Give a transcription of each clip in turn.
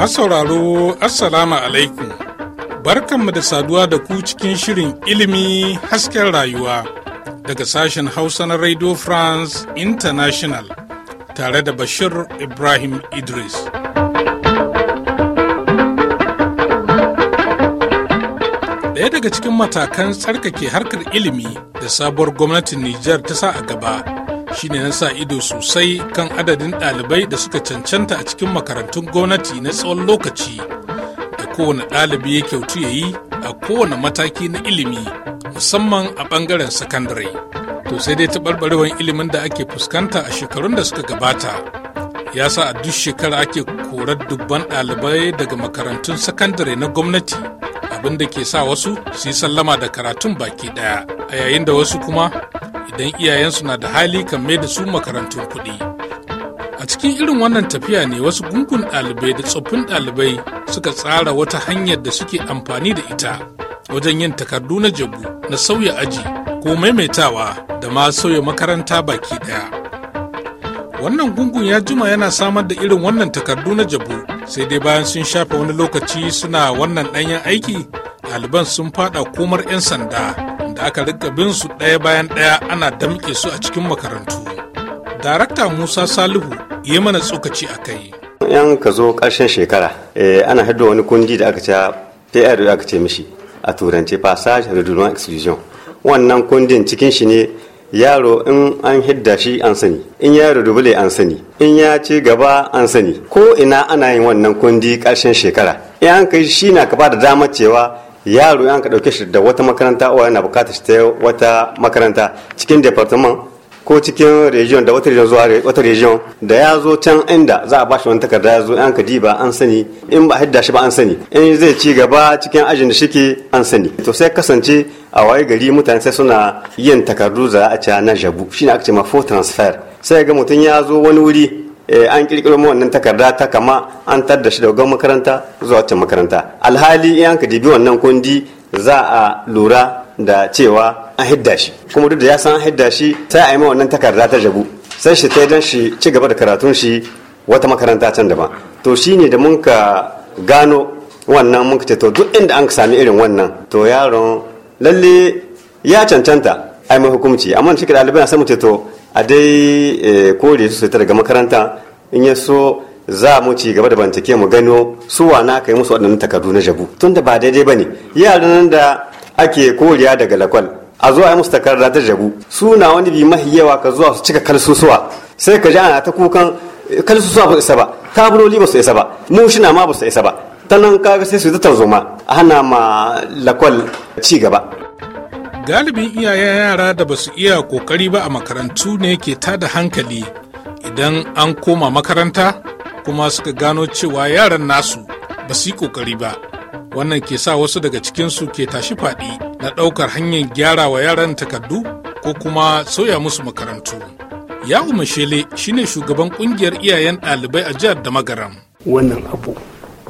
masauraro assalamu alaikum barkanmu da saduwa da ku cikin shirin ilimi hasken rayuwa daga sashen hausa na radio france international tare da bashir ibrahim idris ɗaya daga cikin matakan tsarkake harkar ilimi da sabuwar gwamnatin nijar ta sa a gaba shine na sa ido sosai kan adadin ɗalibai da suka cancanta a cikin makarantun gwamnati na tsawon lokaci da kowane ɗalibi ya kyautu ya yi a kowane mataki na ilimi musamman a ɓangaren sakandare to sai dai taɓarɓarewar ilimin da ake fuskanta a shekarun da suka gabata ya sa a duk shekara ake korar dubban ɗalibai daga makarantun sakandare na gwamnati abin da ke sa wasu su yi sallama da karatun baki ɗaya a yayin da wasu kuma idan iyayensu na da hali kan mai da su makarantun kuɗi a cikin irin wannan tafiya ne wasu gungun ɗalibai da tsoffin ɗalibai suka tsara wata hanyar da suke amfani da ita wajen yin takardu na jabu na sauya aji ko maimaitawa da ma sauya makaranta baki ɗaya wannan gungun ya juma yana samar da irin wannan takardu na jabu sai dai bayan sun shafe wani lokaci suna wannan ɗanyen aiki ɗaliban sun fada komar 'yan sanda da aka rika bin su ɗaya bayan ɗaya ana damƙe su a cikin makarantu. Darakta Musa Salihu ya mana tsokaci a kai. Yan ka zo ƙarshen shekara, eh, ana haɗa wani kundi da aka ce PR aka ce mishi a turance passage redundant exclusion. Wannan kundin cikin shi ne yaro in an hidda shi an sani in ya dubule an sani in ya ci gaba an sani ko ina ana yin wannan kundi karshen shekara in kai shi na ka ba da damar cewa yaro ka dauke shi da wata makaranta uwa yana bukatar shi ta wata makaranta cikin department ko cikin region da wata region zuwa wata region da ya zo can inda za a bashi wani takarda ya zo yan ka diba an sani in ba hidda shi ba an sani in zai ci gaba cikin ajin da shike an sani to sai kasance a waye gari mutane sai suna yin takardu za a ci na jabu shine aka ce ma for transfer sai ga mutum ya zo wani wuri Eh, an kirkiro mu wannan takarda ta kama an tadda shi daga makaranta zuwa wata makaranta alhali in an ka dibi wannan kundi za a lura da cewa an hidda shi kuma duk da ya san an hidda shi sai a yi ma wannan takarda ta jabu sai shi ta dan shi ci gaba da karatun shi wata makaranta can daban to shine da mun ka gano wannan mun ka to duk inda an ka sami irin wannan to yaron lalle ya cancanta ai mai hukunci amma shi ɗalibai na samu ce to a dai eh, kore su ta daga makaranta in ya so za mu ci gaba da bantake mu gano su wana kai musu waɗannan takardu na jabu tun tunda ba daidai ba ne. yaran da ake koriya daga lakwal a zuwa yi musu takarda ta jabu suna wani bi mahi yawa ka zuwa su cika kalsusuwa sai ka ji ana ta kukan eh, kalsusuwa ba su isa ba tabuloli ba su isa ba mushina ma ba su isa ba ta nan kaga sai su ta tarzoma ana ma lakwal ci gaba galibin iyayen yara da ba su iya kokari ba a makarantu ne ke ta da hankali idan an koma makaranta kuma suka gano cewa yaran nasu ba su yi kokari ba wannan ke sa wasu daga cikinsu ke tashi faɗi na ɗaukar hanyar gyara wa yaran takardu ko kuma sauya musu makarantu yawu mashele shine shugaban ƙungiyar iyayen ɗalibai a jihar da magaram wannan abu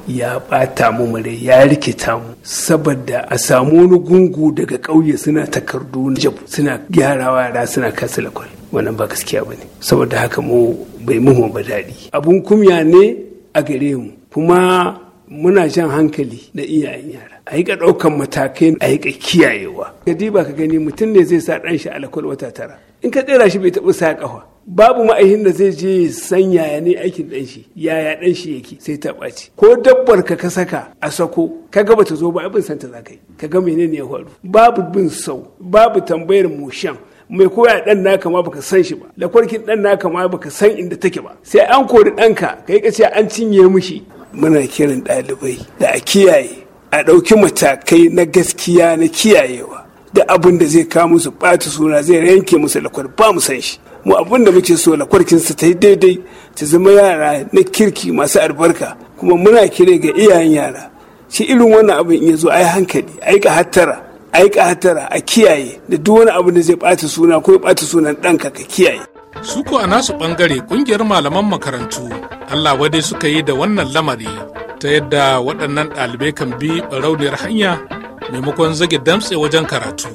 ya ɓata mu mure ya rikita mu saboda a samu wani gungu daga ƙauye suna takardu na jabu suna gyarawa yara suna kasa lakwal wannan ba gaskiya ba ne saboda haka mu bai muhu ba daɗi abun kumya ne a gare mu kuma muna jan hankali na iyayen yara a yi ɗaukan matakai a yi kiyayewa gadi ba ka gani mutum ne zai sa ɗan shi alakwal wata tara in ka tsira shi bai taɓa sa ƙafa babu ma'aikin da zai je san yaya ne aikin ɗan shi yaya ɗan shi yake sai ta ɓaci ko dabbar ka ka saka a sako ka ga bata zo ba abin santa za ka ka ga menene ya faru babu bin sau babu tambayar mushan mai koya dan naka ma baka san shi ba lakwarkin dan naka ma baka san inda take ba sai an kori ɗanka kai ka ce an cinye mishi muna kiran ɗalibai da a kiyaye a ɗauki matakai na gaskiya na kiyayewa da abin da zai kawo musu ɓata suna zai yanke musu lakwar ba mu san shi mu abin da muke so lakwarkin su ta yi daidai ta zama yara na kirki masu albarka kuma muna kira ga iyayen yara shi irin wannan abin in ya zo ai hankali ai ka hattara ai ka hattara a kiyaye da duk wani abin da zai ɓata suna ko ya ɓata sunan ɗanka ka kiyaye su ko a nasu ɓangare ƙungiyar malaman makarantu Allah wadai suka yi da wannan lamari ta yadda waɗannan ɗalibai kan bi rauniyar hanya maimakon zage damtse wajen karatu.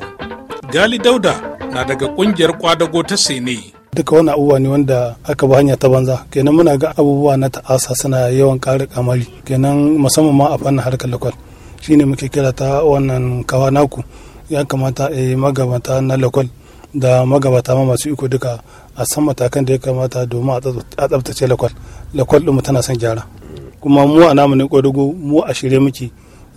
Gali Dauda na daga ƙungiyar ƙwadago ta Sene. duka wani abubuwa ne wanda aka ba hanya ta banza kenan muna ga abubuwa na ta'asa suna yawan ƙara kamari kenan musamman ma a fannin harkar lakwal ne muke kira ta wannan kawa naku ya kamata a magabata na lakwal da magabata ma masu iko duka a san matakan da ya kamata domin a tsabtace lakwal lakwal mu tana son gyara kuma mu a namu ne ƙwadago mu a shirye muke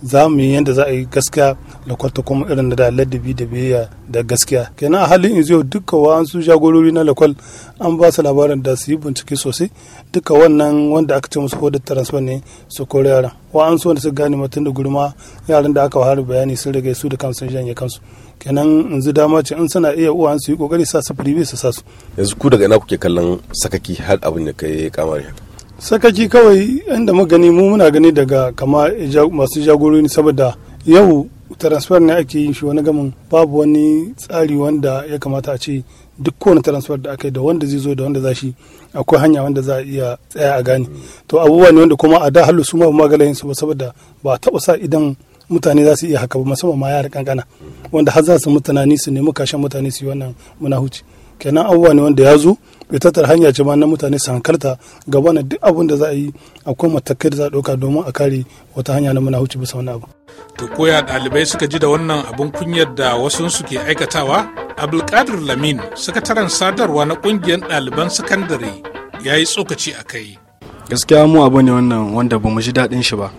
za mu yi yadda za a yi gaskiya da ta kuma irin da ladabi da biyayya da gaskiya kenan a halin yanzu duka su jagorori na lakwal an ba su labarin da su yi bincike sosai duka wannan wanda aka ce musu hodar transfer ne su kore an su wanda su gane mutum da gurma yaran da aka wahar bayani sun rage su da kansu sun janye kansu kenan yanzu dama ce in suna iya uwan su yi kokari sa su firibe su sa su yanzu ku daga ina kuke kallon sakaki har abin da kai kamar haka sakaci kawai inda mu gani mu muna gani daga kama masu jagorori saboda yau transfer ne ake yin shi wani gamin babu wani tsari wanda ya kamata a ce duk kowane transfer da aka yi da wanda zai zo da wanda za shi akwai hanya wanda za a iya tsaya a gane to abubuwa ne wanda kuma a da halu su ma magalayin su ba saboda ba a taɓa sa idan mutane za su iya haka ba musamman ma yara kankana wanda har za su mutanani su nemi kashen mutane su yi wannan muna huci kenan abubuwa ne wanda ya zo fitattar hanya ce ma na mutane su hankalta gaba na duk abin da za a yi akwai matakai da za a ɗauka domin a kare wata hanya na muna huce bisa wani abu. To koya ɗalibai suka ji da wannan abin kunyar da wasu suke aikatawa? Abdulkadir Lamin, sakataren sadarwa na kungiyar ɗaliban sakandare ya yi tsokaci a kai. Gaskiya mu abu ne wannan wanda ba mu ji daɗin shi ba.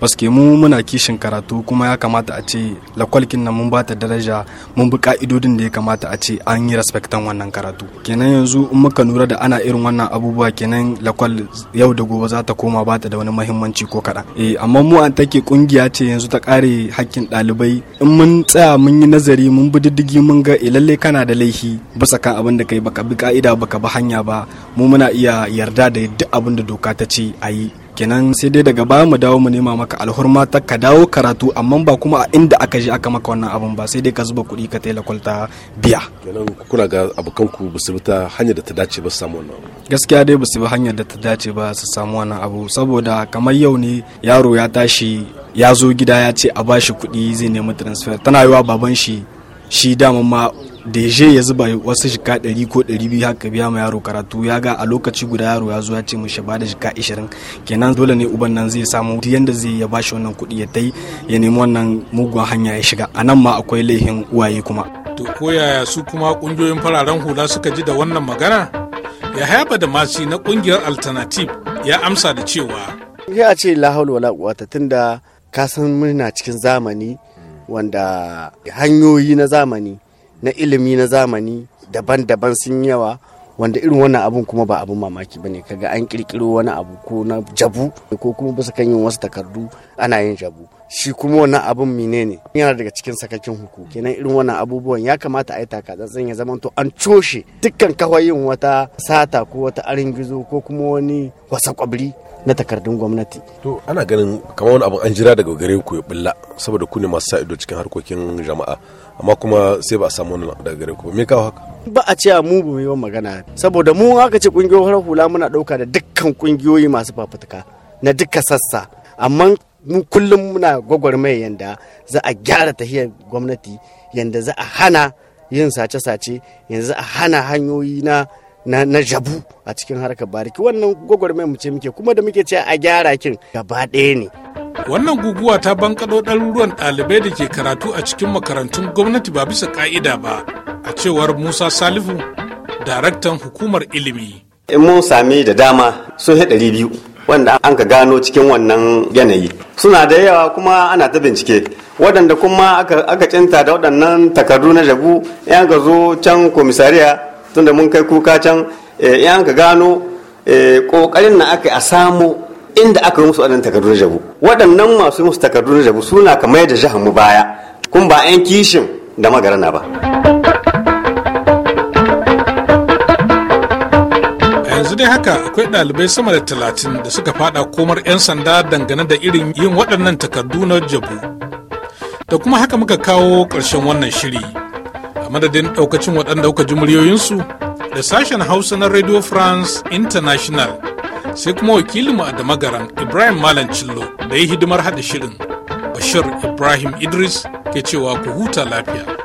paske mu muna kishin karatu kuma ya kamata a ce lakwalkin nan mun bata daraja mun bi ka'idodin da ya kamata a ce an yi respectan wannan karatu kenan yanzu in muka nura da ana irin wannan abubuwa kenan lakwal yau da gobe za ta koma bata da wani mahimmanci ko kaɗan eh amma mu an take kungiya ce yanzu ta kare hakkin ɗalibai in mun tsaya mun yi nazari mun bi diddigi mun ga eh, lalle kana da laifi bisa kan abin da kai baka bi ka'ida baka bi hanya ba mu muna iya yarda da duk abin da doka ta ce a yi kenan sai dai daga baya mu dawo mu nema maka alhurma ta ka dawo karatu amma ba kuma a inda aka je aka maka wannan abun ba sai dai ka zuba kuɗi ka taila kwalta biya kenan kuna ga abokanku ba su ta hanyar da ta dace ba su samu wannan abu. gaskiya dai ba su bi hanyar da ta dace ba su samu wannan abu saboda kamar yau ne yaro ya tashi ya zo gida ya ce a bashi kuɗi zai nemi transfer tana yiwa baban shi shi dama ma da ya ya zuba wasu shika ɗari ko ɗari biyu haka biya ma yaro karatu ya ga a lokaci guda yaro ya zo ya ce mishi ba da shika ashirin kenan dole ne uban nan zai samu yanda zai ya bashi wannan kuɗi ya tai ya nemi wannan mugun hanya ya shiga a nan ma akwai laifin uwaye kuma. to ko su kuma ƙungiyoyin fararen hula suka ji da wannan magana ya haifa da masi na ƙungiyar alternative ya amsa da cewa. ya ce la haula wala quwata tunda ka san muna cikin zamani wanda hanyoyi na zamani na ilimi na zamani daban-daban sun yawa wanda irin wannan abun kuma ba abun mamaki ba bane kaga an kirkiro wani abu ko na jabu ko kuma bisa kan yin wasu takardu ana yin jabu shi kuma wannan abun menene yana daga cikin sakakin huku kenan irin wannan abubuwan ya kamata a yi taka tsantsan ya zama to an coshe dukkan kawai yin wata sata ko wata arin gizo ko kuma wani wasa kwabri na takardun gwamnati to ana ganin kamar wani abu an jira daga gare ku ya bulla saboda ku ne masu ido cikin harkokin jama'a amma kuma sai ba a samu wani daga gare ku me kawo haka ba a ce mu ba yawan magana saboda mu haka ce kungiyoyin hula muna dauka da dukkan kungiyoyi masu fafutuka na duka sassa amma mu kullum muna gwagwarmaya yanda za a gyara tahiyar gwamnati yanda za a hana yin sace-sace yanzu a hana hanyoyi na na jabu a cikin harkar bariki wannan gwagwarmayar mu ce muke kuma da muke ce a gyara kin gaba ɗaya ne wannan guguwa ta bankaɗo ɗaruruwan ɗalibai da ke karatu a cikin makarantun gwamnati ba bisa ƙa'ida ba a cewar musa salifu daraktan hukumar ilimi in mun sami da dama sun ɗari biyu wanda an ka gano cikin wannan yanayi suna da yawa kuma ana ta bincike waɗanda kuma aka cinta da waɗannan takardu na jabu yan ka zo can komisariya tunda mun kai kuka can eh, in an ka gano kokarin eh, na aka a samu inda aka yi musu wadannan takardun jabu waɗannan masu musu takardun jabu suna kamar da jihar mu baya kun ba 'yan kishin da magarana ba yanzu dai haka akwai ɗalibai sama da talatin da suka fada komar 'yan sanda dangane da irin yin waɗannan takardu na jabu da kuma haka muka kawo ƙarshen wannan shiri madadin ɗaukacin waɗanda dauka muryoyinsu da sashen hausa na radio france international sai kuma wakilinmu a damagaran ibrahim malam cillo da ya hidimar haɗa shirin bashir ibrahim idris ke cewa ku huta lafiya